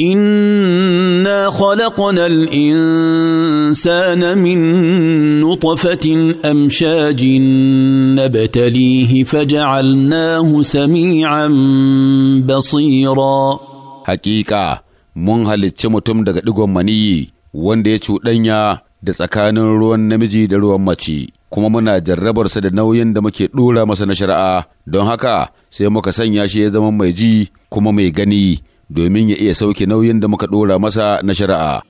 انا خلقنا الانسان من نطفه امشاج نبتليه فجعلناه سميعا بصيرا حقيقه mun halicci mutum daga digon maniyi wanda ya cuɗanya da tsakanin ruwan namiji da ruwan mace kuma muna jarrabarsa da nauyin da muke ɗora masa na shari'a don haka sai muka sanya shi ya zama mai ji kuma mai gani domin ya iya sauke nauyin da muka ɗora masa na shari'a.